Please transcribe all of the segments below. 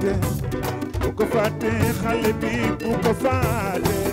fàtte bu ko fàtte xale bi bu ko fàtte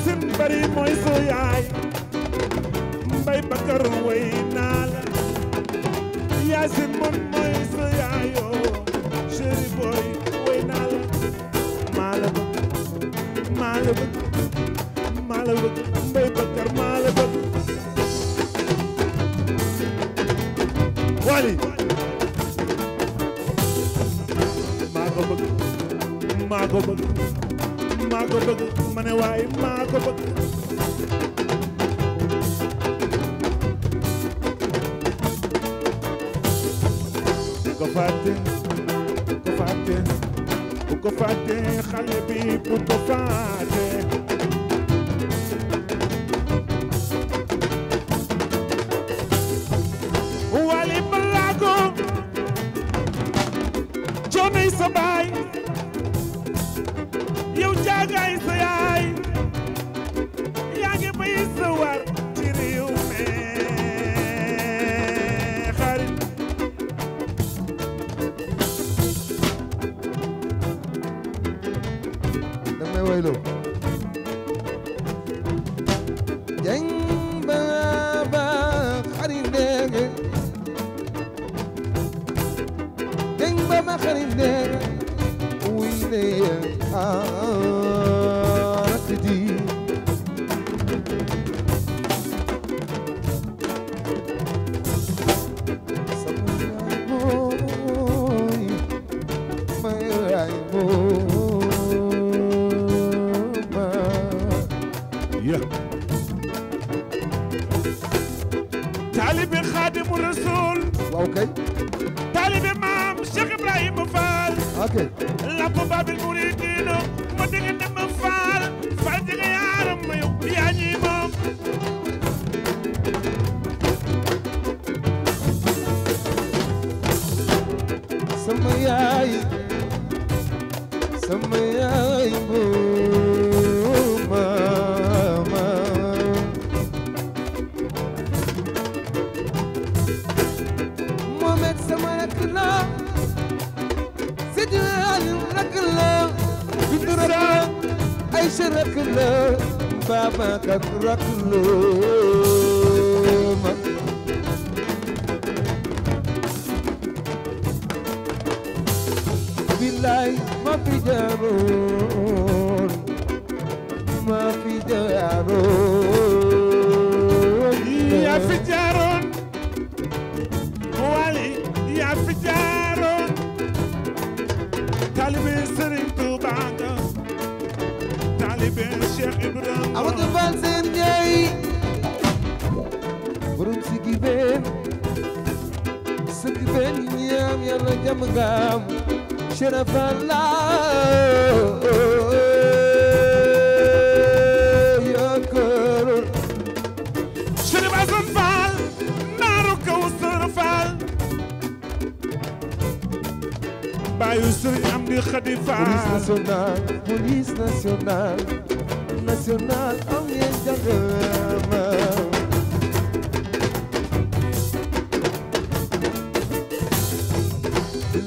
asim bari mooy su yaay mbay bakar way naa la yaasin moom mooy su yaayoo chéri boy way naa la maa la bëgg maa la bëgg maa la bëgg mbay bakar maa la bëgg wali maa ko bëgg maa ko bëgg maa ko bëgg ma ne waaye maa ko bëgg bu ko fàtte bu ko fàtte bu ko fàtte xale bi bu ko fàtte wali balaa ko jonay sa baay yaay sa yaay yaa ngi bay sa war ci réew mi xarit damay waylo jeng baaba xarit dege jeng baaba xarit dege wuy ne ah taalibe xaadimu rasuul waaw kay taalibe maam Cheikh Ibrahima Fall ok lamp baabil muriidiina ma dégg na ma Fall Fall jege yaaram ma yow yaa ñii أشرك له فما كفرك لوم بالله ما في جارون ما في جارون يا في جارون Cheikh Ibrahima Amadou Fall seen ñey borom si gi been sëgg been ñaam yàlla jàmm ngaam Sherafalla yaa këroon Cherif baayu Sëriñ Amdi Xadi police nationale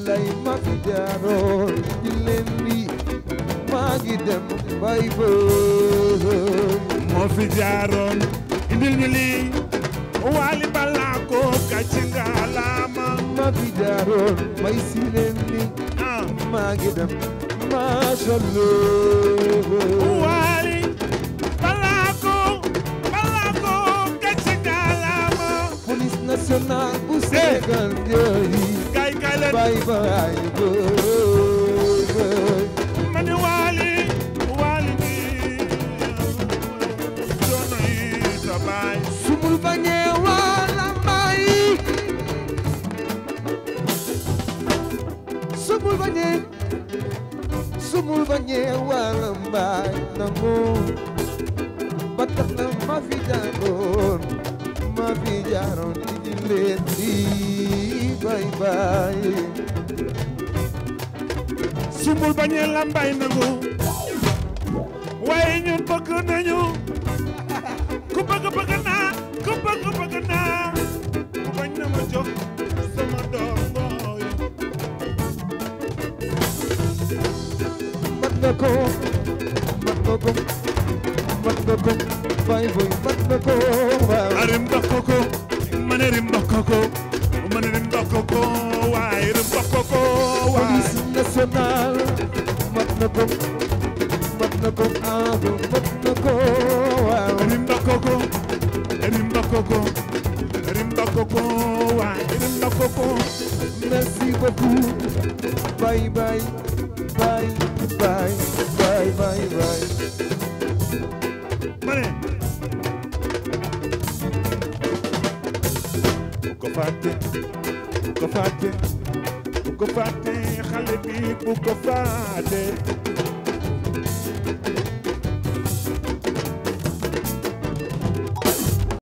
lay ma fi jaaroon di leen di maa ngi bay bër moo fi jaaroon indil ñu lii waali balaa ko gàcce nga ma fi jaaroon may si leen di maa ngi dem maa national bu eh. Sénégal jooy kay kay leen bay bay booy ma ne waali waali bi doonoy sa baay sumul bañee wala mbaay sumul bañee sumul bañee wala mbaay nangoon ba tax na ma fi jaaroon ma fi jaaroon leen bay bay sumbul bañee lambay nangu waaye ñun bëgg nañu ku bëgg bëgg naa ku bëgg bëgg naa ku bañ na ma jox sama doom mooy mat na ko bay bay arim da ko mane rim bokkoko mane rim bokkoko waay rim bokkoko waay police nationale mat na ko mat na ko ado mat na ko waaw rim bokkoko rim bokkoko rim bokkoko waay rim bokkoko merci beaucoup bye bye bye bye bye bye bye ko fàtte bu ko fàtte bu ko fàtte xale bi bu ko fàtte